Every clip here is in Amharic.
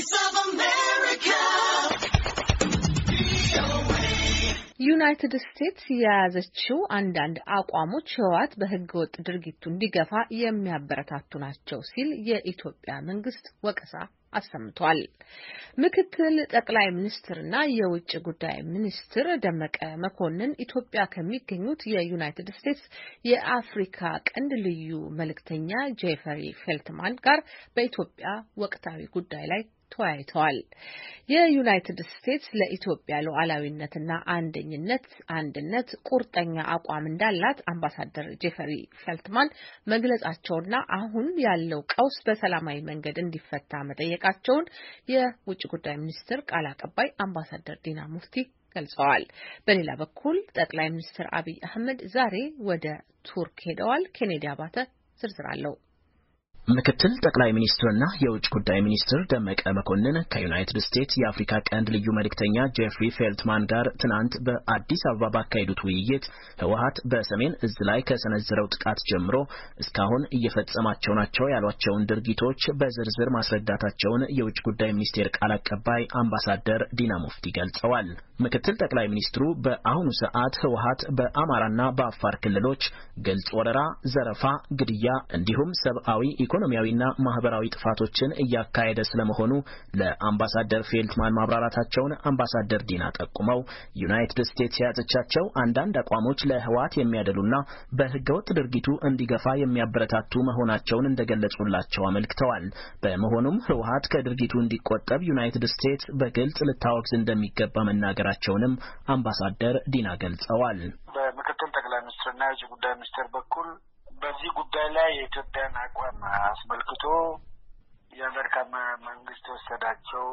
Voice of America. ዩናይትድ ስቴትስ የያዘችው አንዳንድ አቋሞች ህወሓት በህገ ወጥ ድርጊቱ እንዲገፋ የሚያበረታቱ ናቸው ሲል የኢትዮጵያ መንግስት ወቀሳ አሰምቷል። ምክትል ጠቅላይ ሚኒስትርና የውጭ ጉዳይ ሚኒስትር ደመቀ መኮንን ኢትዮጵያ ከሚገኙት የዩናይትድ ስቴትስ የአፍሪካ ቀንድ ልዩ መልእክተኛ ጄፈሪ ፌልትማን ጋር በኢትዮጵያ ወቅታዊ ጉዳይ ላይ ተወያይተዋል። የዩናይትድ ስቴትስ ለኢትዮጵያ ሉዓላዊነትና አንደኝነት አንድነት ቁርጠኛ አቋም እንዳላት አምባሳደር ጄፈሪ ፌልትማን መግለጻቸውና አሁን ያለው ቀውስ በሰላማዊ መንገድ እንዲፈታ መጠየቃቸውን የውጭ ጉዳይ ሚኒስትር ቃል አቀባይ አምባሳደር ዲና ሙፍቲ ገልጸዋል። በሌላ በኩል ጠቅላይ ሚኒስትር አብይ አህመድ ዛሬ ወደ ቱርክ ሄደዋል። ኬኔዲ አባተ ዝርዝር አለው። ምክትል ጠቅላይ ሚኒስትርና የውጭ ጉዳይ ሚኒስትር ደመቀ መኮንን ከዩናይትድ ስቴትስ የአፍሪካ ቀንድ ልዩ መልእክተኛ ጄፍሪ ፌልትማን ጋር ትናንት በአዲስ አበባ ባካሄዱት ውይይት ህወሀት በሰሜን እዝ ላይ ከሰነዘረው ጥቃት ጀምሮ እስካሁን እየፈጸማቸው ናቸው ያሏቸውን ድርጊቶች በዝርዝር ማስረዳታቸውን የውጭ ጉዳይ ሚኒስቴር ቃል አቀባይ አምባሳደር ዲና ሙፍቲ ገልጸዋል። ምክትል ጠቅላይ ሚኒስትሩ በአሁኑ ሰዓት ህወሀት በአማራና በአፋር ክልሎች ግልጽ ወረራ፣ ዘረፋ፣ ግድያ እንዲሁም ሰብአዊ ኢኮኖሚያዊና ማህበራዊ ጥፋቶችን እያካሄደ ስለመሆኑ ለአምባሳደር ፌልትማን ማብራራታቸውን አምባሳደር ዲና ጠቁመው ዩናይትድ ስቴትስ የያዘቻቸው አንዳንድ አቋሞች ለህወሀት የሚያደሉና በህገወጥ ድርጊቱ እንዲገፋ የሚያበረታቱ መሆናቸውን እንደገለጹላቸው አመልክተዋል። በመሆኑም ህወሀት ከድርጊቱ እንዲቆጠብ ዩናይትድ ስቴትስ በግልጽ ልታወግዝ እንደሚገባ መናገር መወሰዳቸውንም አምባሳደር ዲና ገልጸዋል። በምክትል ጠቅላይ ሚኒስትርና የውጭ ጉዳይ ሚኒስቴር በኩል በዚህ ጉዳይ ላይ የኢትዮጵያን አቋም አስመልክቶ የአሜሪካ መንግስት የወሰዳቸው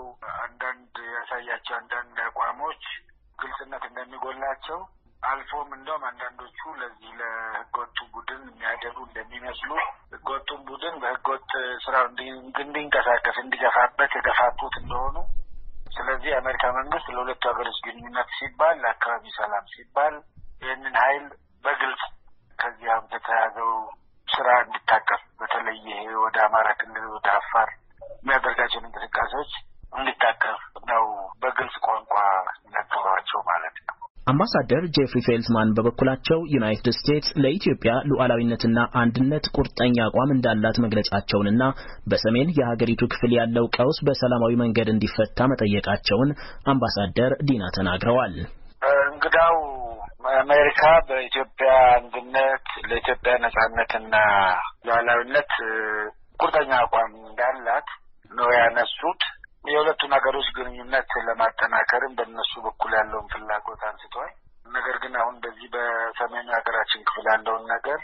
አንዳንድ ያሳያቸው አንዳንድ አቋሞች ግልጽነት እንደሚጎላቸው አልፎም እንደውም አንዳንዶቹ ለዚህ ለህገወጡ ቡድን የሚያደሩ እንደሚመስሉ ህገወጡን ቡድን በህገወጥ ስራው እንዲንቀሳቀስ እንዲገፋበት የገፋቱት እንደሆነ ስለዚህ የአሜሪካ መንግስት ለሁለቱ ሀገሮች ግንኙነት ሲባል ለአካባቢ ሰላም ሲባል ይህንን ሀይል በግልጽ ከዚህ በተያዘው ስራ እንዲታቀፍ በተለይ ይሄ ወደ አማራ ክልል ወደ አፋር የሚያደርጋቸውን እንቅስቃሴዎች አምባሳደር ጄፍሪ ፌልትማን በበኩላቸው ዩናይትድ ስቴትስ ለኢትዮጵያ ሉዓላዊነትና አንድነት ቁርጠኛ አቋም እንዳላት መግለጫቸውንና በሰሜን የሀገሪቱ ክፍል ያለው ቀውስ በሰላማዊ መንገድ እንዲፈታ መጠየቃቸውን አምባሳደር ዲና ተናግረዋል። እንግዳው አሜሪካ በኢትዮጵያ አንድነት ለኢትዮጵያ ነጻነትና ሉዓላዊነት ቁርጠኛ አቋም እንዳላት ነው ያነሱት። የሁለቱን ሀገሮች ግንኙነት ለማጠናከርም በእነሱ በኩል ያለውን ፍላጎት አንስተዋል። ነገር ግን አሁን በዚህ በሰሜኑ ሀገራችን ክፍል ያለውን ነገር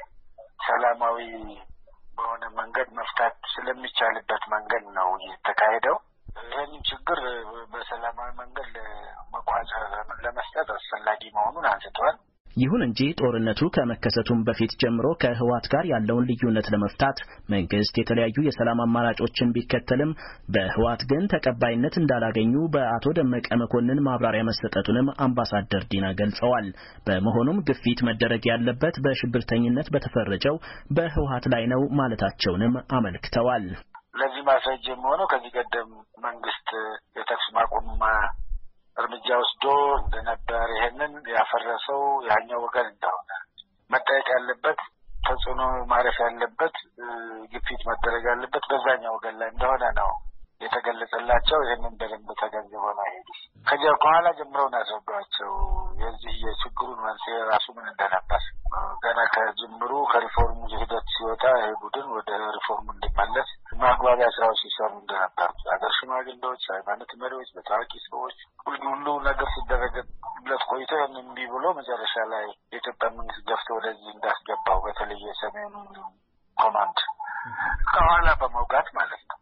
ሰላማዊ በሆነ መንገድ መፍታት ስለሚቻልበት መንገድ ነው የተካሄደው። ይህንን ችግር በሰላማዊ መንገድ መቋጫ ለመስጠት አስፈላጊ መሆኑን አንስተዋል። ይሁን እንጂ ጦርነቱ ከመከሰቱም በፊት ጀምሮ ከህወሓት ጋር ያለውን ልዩነት ለመፍታት መንግስት የተለያዩ የሰላም አማራጮችን ቢከተልም በህወሓት ግን ተቀባይነት እንዳላገኙ በአቶ ደመቀ መኮንን ማብራሪያ መሰጠቱንም አምባሳደር ዲና ገልጸዋል። በመሆኑም ግፊት መደረግ ያለበት በሽብርተኝነት በተፈረጀው በህወሓት ላይ ነው ማለታቸውንም አመልክተዋል። ለዚህ ማስረጃ የሚሆነው ከዚህ ቀደም መንግስት የተኩስ ማቆም ወስዶ እንደነበር ይሄንን ያፈረሰው ያኛው ወገን እንደሆነ መጠየቅ ያለበት ተጽዕኖ ማረፍ ያለበት ግፊት መደረግ ያለበት በዛኛው ወገን ላይ እንደሆነ ነው የተገለጸላቸው። ይህንን በደንብ ተገንዝበው ነው ሄዱ። ከዚያ ከኋላ ጀምረው ነው ያስረዷቸው የዚህ የችግሩን መንስኤ ራሱ ምን እንደነበር ገና ከጅምሩ ከሪፎርሙ ሂደት ሲወጣ ይሄ ቡድን ወደ ሪፎርሙ እንዲመለስ ማግባቢያ ስራዎች ሲሰሩ እንደነበር ሽማግሌዎች፣ ሃይማኖት መሪዎች፣ በታዋቂ ሰዎች ሁሉ ነገር ሲደረግለት ቆይቶ ያን እምቢ ብሎ መጨረሻ ላይ የኢትዮጵያ መንግስት ገፍቶ ወደዚህ እንዳስገባው በተለይ የሰሜኑ ኮማንድ ከኋላ በመውጋት ማለት ነው።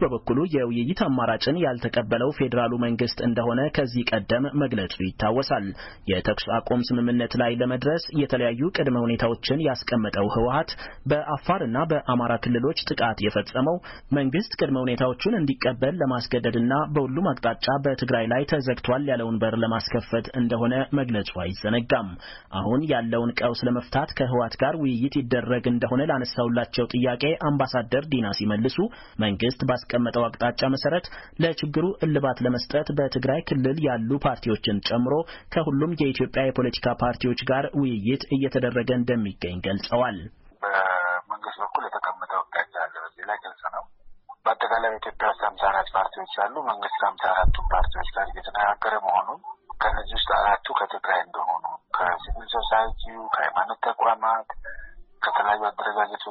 መንግስት በበኩሉ የውይይት አማራጭን ያልተቀበለው ፌዴራሉ መንግስት እንደሆነ ከዚህ ቀደም መግለጹ ይታወሳል። የተኩስ አቁም ስምምነት ላይ ለመድረስ የተለያዩ ቅድመ ሁኔታዎችን ያስቀመጠው ህወሀት በአፋርና በአማራ ክልሎች ጥቃት የፈጸመው መንግስት ቅድመ ሁኔታዎቹን እንዲቀበል ለማስገደድና በሁሉም አቅጣጫ በትግራይ ላይ ተዘግቷል ያለውን በር ለማስከፈት እንደሆነ መግለጹ አይዘነጋም። አሁን ያለውን ቀውስ ለመፍታት ከህወሀት ጋር ውይይት ይደረግ እንደሆነ ላነሳውላቸው ጥያቄ አምባሳደር ዲና ሲመልሱ መንግስት ባስቀመጠው አቅጣጫ መሰረት ለችግሩ እልባት ለመስጠት በትግራይ ክልል ያሉ ፓርቲዎችን ጨምሮ ከሁሉም የኢትዮጵያ የፖለቲካ ፓርቲዎች ጋር ውይይት እየተደረገ እንደሚገኝ ገልጸዋል። በመንግስት በኩል የተቀመጠው አቅጣጫ አለ። በዚህ ላይ ግልጽ ነው። በአጠቃላይ በኢትዮጵያ ውስጥ ሀምሳ አራት ፓርቲዎች አሉ። መንግስት ከሀምሳ አራቱም ፓርቲዎች ጋር እየተነጋገረ መሆኑን ከነዚህ ውስጥ አራቱ ከትግራይ እንደሆኑ ከሲቪል ሶሳይቲው፣ ከሃይማኖት ተቋማት ከተለያዩ አደረጃጀቶች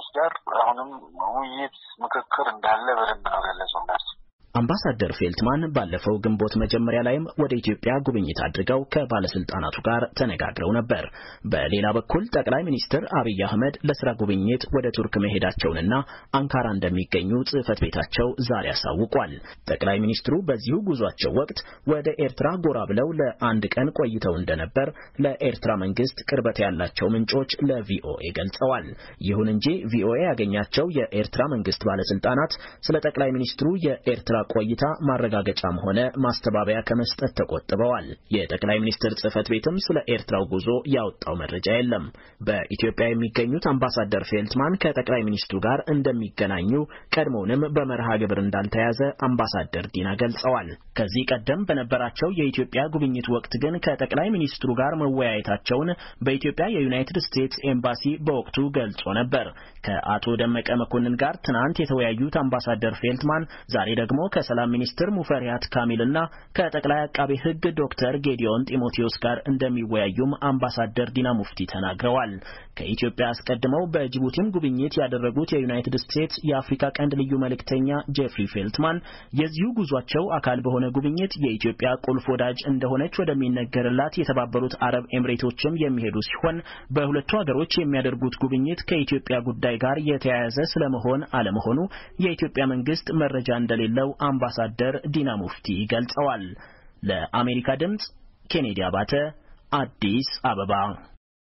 አምባሳደር ፌልትማን ባለፈው ግንቦት መጀመሪያ ላይም ወደ ኢትዮጵያ ጉብኝት አድርገው ከባለስልጣናቱ ጋር ተነጋግረው ነበር። በሌላ በኩል ጠቅላይ ሚኒስትር አብይ አህመድ ለስራ ጉብኝት ወደ ቱርክ መሄዳቸውንና አንካራ እንደሚገኙ ጽህፈት ቤታቸው ዛሬ አሳውቋል። ጠቅላይ ሚኒስትሩ በዚሁ ጉዟቸው ወቅት ወደ ኤርትራ ጎራ ብለው ለአንድ ቀን ቆይተው እንደነበር ለኤርትራ መንግስት ቅርበት ያላቸው ምንጮች ለቪኦኤ ገልጸዋል። ይሁን እንጂ ቪኦኤ ያገኛቸው የኤርትራ መንግስት ባለስልጣናት ስለ ጠቅላይ ሚኒስትሩ የኤርትራ ቆይ ቆይታ ማረጋገጫም ሆነ ማስተባበያ ከመስጠት ተቆጥበዋል። የጠቅላይ ሚኒስትር ጽህፈት ቤትም ስለ ኤርትራው ጉዞ ያወጣው መረጃ የለም። በኢትዮጵያ የሚገኙት አምባሳደር ፌልትማን ከጠቅላይ ሚኒስትሩ ጋር እንደሚገናኙ ቀድሞውንም በመርሃ ግብር እንዳልተያዘ አምባሳደር ዲና ገልጸዋል። ከዚህ ቀደም በነበራቸው የኢትዮጵያ ጉብኝት ወቅት ግን ከጠቅላይ ሚኒስትሩ ጋር መወያየታቸውን በኢትዮጵያ የዩናይትድ ስቴትስ ኤምባሲ በወቅቱ ገልጾ ነበር። ከአቶ ደመቀ መኮንን ጋር ትናንት የተወያዩት አምባሳደር ፌልትማን ዛሬ ደግሞ ከሰላም ሚኒስትር ሙፈሪያት ካሚልና ከጠቅላይ አቃቤ ሕግ ዶክተር ጌዲዮን ጢሞቴዎስ ጋር እንደሚወያዩም አምባሳደር ዲና ሙፍቲ ተናግረዋል። ከኢትዮጵያ አስቀድመው በጅቡቲም ጉብኝት ያደረጉት የዩናይትድ ስቴትስ የአፍሪካ ቀንድ ልዩ መልእክተኛ ጄፍሪ ፌልትማን የዚሁ ጉዟቸው አካል በሆነ ጉብኝት የኢትዮጵያ ቁልፍ ወዳጅ እንደሆነች ወደሚነገርላት የተባበሩት አረብ ኤምሬቶችም የሚሄዱ ሲሆን በሁለቱ ሀገሮች የሚያደርጉት ጉብኝት ከኢትዮጵያ ጉዳይ ጋር የተያያዘ ስለመሆን አለመሆኑ የኢትዮጵያ መንግስት መረጃ እንደሌለው አምባሳደር ዲና ሙፍቲ ገልጸዋል። ለአሜሪካ ድምፅ ኬኔዲ አባተ አዲስ አበባ